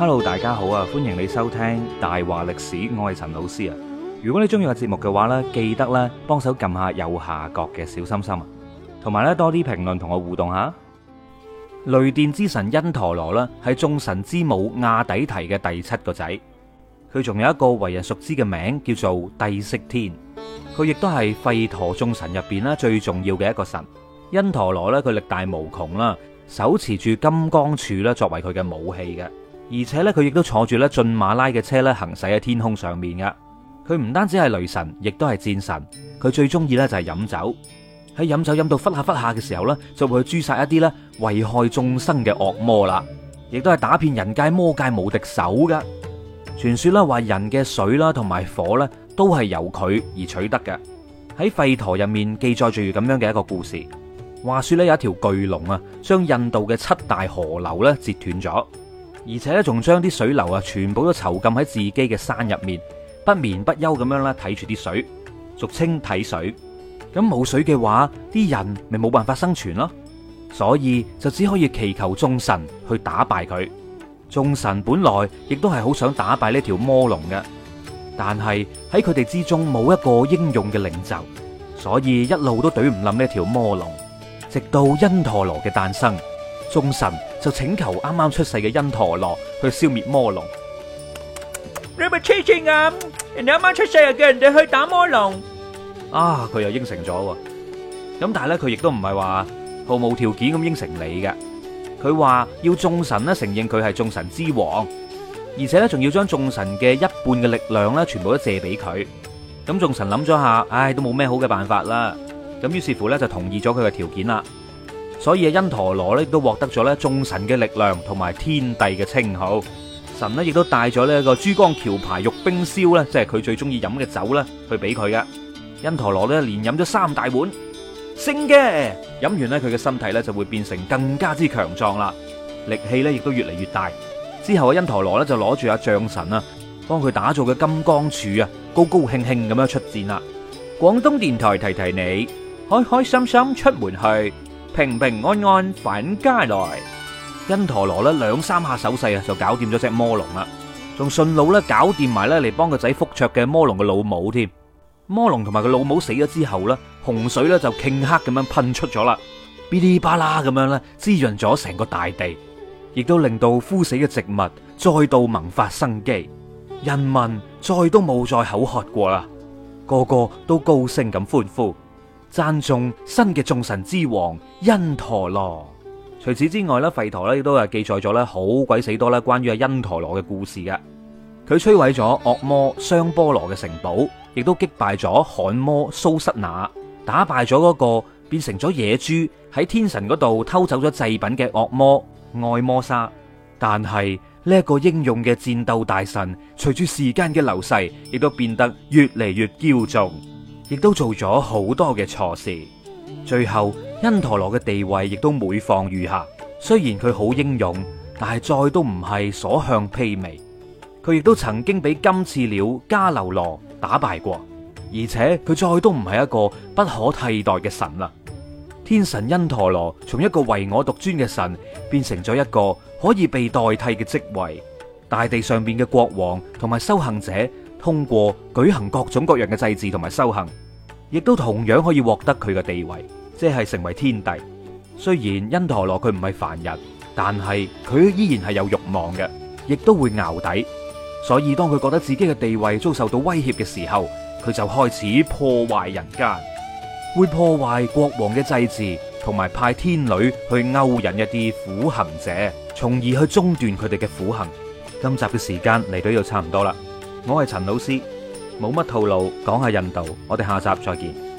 Hello，大家好啊！歡迎你收聽大話歷史，我係陳老師啊。如果你中意個節目嘅話呢，記得咧幫手撳下右下角嘅小心心啊，同埋咧多啲評論同我互動下。雷電之神因陀羅呢，係眾神之母亞底提嘅第七個仔。佢仲有一個為人熟知嘅名叫做帝釋天。佢亦都係吠陀眾神入邊咧最重要嘅一個神。因陀羅呢，佢力大無窮啦，手持住金剛杵咧作為佢嘅武器嘅。而且咧，佢亦都坐住咧駿馬拉嘅車咧，行駛喺天空上面噶佢唔單止係雷神，亦都係戰神。佢最中意咧就係飲酒，喺飲酒飲到忽下忽下嘅時候咧，就會去誅殺一啲咧危害眾生嘅惡魔啦。亦都係打遍人界魔界無敵手噶傳說啦。話人嘅水啦，同埋火咧，都係由佢而取得嘅。喺吠陀入面記載住咁樣嘅一個故事，話說咧有一條巨龍啊，將印度嘅七大河流咧截斷咗。而且咧，仲將啲水流啊，全部都囚禁喺自己嘅山入面，不眠不休咁樣啦睇住啲水，俗稱睇水。咁冇水嘅話，啲人咪冇辦法生存咯。所以就只可以祈求眾神去打敗佢。眾神本來亦都係好想打敗呢條魔龍嘅，但係喺佢哋之中冇一個英勇嘅領袖，所以一路都懟唔冧呢條魔龍，直到因陀羅嘅誕生。眾神就請求啱啱出世嘅因陀羅去消滅魔龍。你咪黐線啊？人哋啱啱出世啊，叫人哋去打魔龍。啊，佢又應承咗。咁但係咧，佢亦都唔係話毫無條件咁應承你嘅。佢話要眾神咧承認佢係眾神之王，而且咧仲要將眾神嘅一半嘅力量咧全部都借俾佢。咁眾神諗咗下，唉，都冇咩好嘅辦法啦。咁於是乎咧就同意咗佢嘅條件啦。所以阿因陀羅咧都獲得咗咧眾神嘅力量同埋天帝嘅稱號，神咧亦都帶咗咧個珠江橋牌玉冰燒咧，即係佢最中意飲嘅酒啦，去俾佢嘅因陀羅咧，連飲咗三大碗，聖嘅飲完咧，佢嘅身體咧就會變成更加之強壯啦，力氣咧亦都越嚟越大。之後阿因陀羅咧就攞住阿象神啊，幫佢打造嘅金剛杵啊，高高興興咁樣出戰啦。廣東電台提提你，開開心心出門去。平平安安，返家來。因陀羅咧，兩三下手勢啊，就搞掂咗隻魔龍啦，仲順路咧，搞掂埋咧嚟幫個仔覆桌嘅魔龍嘅老母添。魔龍同埋佢老母死咗之後咧，洪水咧就頃刻咁樣噴出咗啦，嗶哩吧啦咁樣咧滋潤咗成個大地，亦都令到枯死嘅植物再度萌發生機，人民再都冇再口渴過啦，個個都高聲咁歡呼。讚頌新嘅眾神之王因陀羅。除此之外咧，吠陀咧亦都係記載咗咧好鬼死多咧關於阿因陀羅嘅故事嘅。佢摧毀咗惡魔雙波羅嘅城堡，亦都擊敗咗旱魔蘇濕那，打敗咗嗰個變成咗野豬喺天神嗰度偷走咗祭品嘅惡魔愛摩沙。但係呢一個英勇嘅戰鬥大神，隨住時間嘅流逝，亦都變得越嚟越驕縱。亦都做咗好多嘅錯事，最後因陀羅嘅地位亦都每況愈下。雖然佢好英勇，但係再都唔係所向披靡。佢亦都曾經俾金翅鳥迦樓羅打敗過，而且佢再都唔係一個不可替代嘅神啦。天神因陀羅從一個唯我獨尊嘅神，變成咗一個可以被代替嘅職位。大地上邊嘅國王同埋修行者。通過舉行各種各樣嘅祭祀同埋修行，亦都同樣可以獲得佢嘅地位，即係成為天帝。雖然因陀羅佢唔係凡人，但係佢依然係有欲望嘅，亦都會淆底。所以當佢覺得自己嘅地位遭受到威脅嘅時候，佢就開始破壞人間，會破壞國王嘅祭祀，同埋派天女去勾引一啲苦行者，從而去中斷佢哋嘅苦行。今集嘅時間嚟到就差唔多啦。我係陳老師，冇乜套路，講下印度，我哋下集再見。